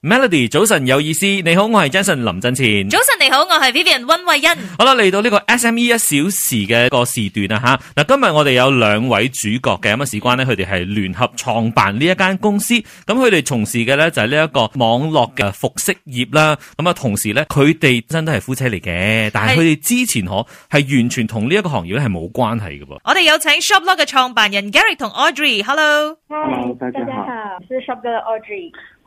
Melody，早晨有意思。你好，我係 Jason 林振前。早晨你好，我係 Vivian 溫慧欣。好啦，嚟到呢個 SME 一小時嘅一個時段啊吓。嗱、啊，今日我哋有兩位主角嘅咁啊，事關呢佢哋係聯合創辦呢一間公司。咁佢哋從事嘅呢，就係呢一個網絡嘅服飾業啦。咁啊，同時呢，佢哋真都係夫妻嚟嘅，但係佢哋之前可係完全同呢一個行業咧係冇關係嘅喎。我哋有請 ShopLog 嘅創辦人 Gary 同 Audrey，Hello。嗨，大家好，我是 Shop 嘅 Audrey。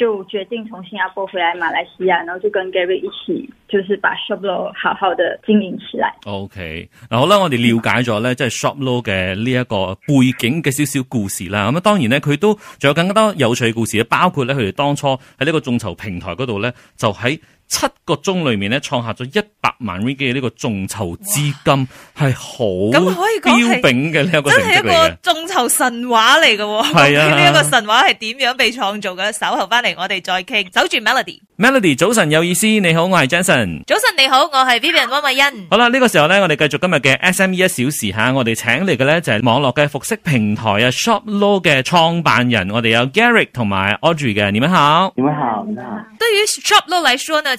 就決定從新加坡回來馬來西亞，然後就跟 Gary 一起，就是把 Shoplo 好好的經營起來。OK，嗱好啦，我哋了解咗咧，即係 Shoplo 嘅呢一個背景嘅少少故事啦。咁啊，當然咧，佢都仲有更加多有趣嘅故事，包括咧佢哋當初喺呢個眾籌平台嗰度咧，就喺。七個鐘裏面咧，創下咗一百萬 ringgit 呢個眾籌資金係好標炳嘅，呢、這個、一個真係一個眾籌神話嚟嘅、哦。係啊，呢一個神話係點樣被創造嘅？稍後翻嚟我哋再傾。守住 Melody，Melody Melody, 早晨有意思，你好，我係 Jason。早晨你好，我係 Vivian 汪、啊、慧欣。好啦，呢、這個時候咧，我哋繼續今日嘅 SME 一小時吓，我哋請嚟嘅咧就係、是、網絡嘅服飾平台啊 Shoplo 嘅創辦人，我哋有 Garrick 同埋 Audrey 嘅，你們好，你們好，你好。對於 Shoplo 來說呢？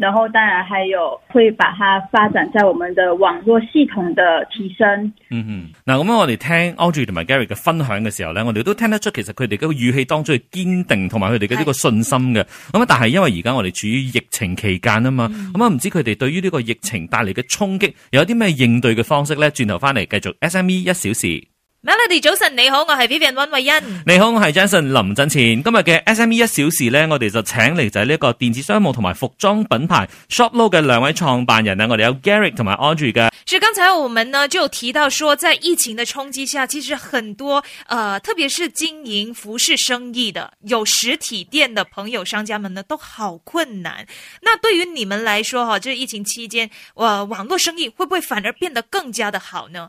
然後當然還有會把它發展在我們的網絡系統的提升。嗯哼，嗱咁我哋聽 Audrey 同埋 Gary 嘅分享嘅時候咧，我哋都聽得出其實佢哋個語氣當中係堅定同埋佢哋嘅呢個信心嘅。咁啊，但係因為而家我哋處於疫情期間啊嘛，咁啊唔知佢哋對於呢個疫情帶嚟嘅衝擊，有啲咩應對嘅方式咧？轉頭翻嚟繼續 SME 一小時。Melody 早晨，你好，我是 Vivian 溫慧欣。你好，我是 Jason 林振前。今日嘅 SME 一小時呢，我哋就請嚟就係呢個電子商務同埋服裝品牌 Shoplo 嘅兩位創辦人呢，我哋有 Garrick 同埋 Audrey 嘅。是剛才我們呢就提到說，在疫情的衝擊下，其實很多呃特別是經營服飾生意的有實體店的朋友、商家們呢，都好困難。那對於你們來說，哈、啊，就是、疫情期間，呃、啊、網絡生意會不會反而變得更加的好呢？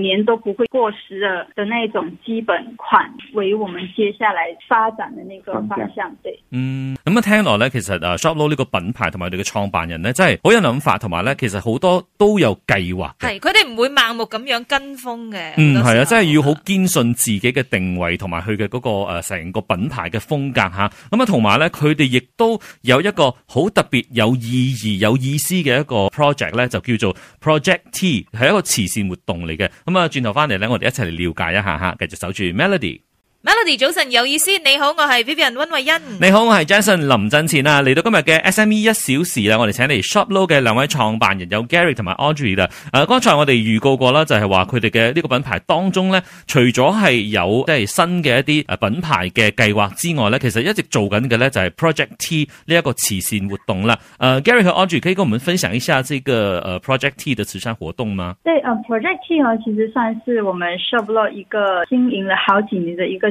年都不會過時嘅嘅那種基本款，為我們接下來發展的那個方向，對，嗯，咁啊，聽落咧，其實啊，Shoplo 呢個品牌同埋佢嘅創辦人咧，真係好有諗法，同埋咧，其實好多都有計劃，係，佢哋唔會盲目咁樣跟風嘅，嗯，係啊，真係要好堅信自己嘅定位同埋佢嘅嗰個誒成、呃、個品牌嘅風格吓，咁啊，同埋咧，佢哋亦都有一個好特別有意義、有意思嘅一個 project 咧，就叫做 Project T，係一個慈善活動嚟嘅。咁啊，轉頭返嚟咧，我哋一齊嚟了解一下吓，繼續守住 Melody。Melody 早晨有意思，你好，我係 Vivian 溫慧欣。你好，我係 Jason 林振前啊，嚟到今日嘅 SME 一小時啦，我哋請嚟 Shop Low 嘅兩位創辦人有 Gary 同埋 Audrey 啦。誒，剛才我哋預告過啦，就係話佢哋嘅呢個品牌當中咧，除咗係有即係新嘅一啲誒品牌嘅計劃之外咧，其實一直做緊嘅咧就係 Project T 呢一個慈善活動啦。誒，Gary 和 Audrey 可以跟我們分享一下呢個誒 Project T 嘅慈善活動嗎？對，誒，啊，Project T 其實算是我們 Shop Low 一個經營了好幾年嘅一個。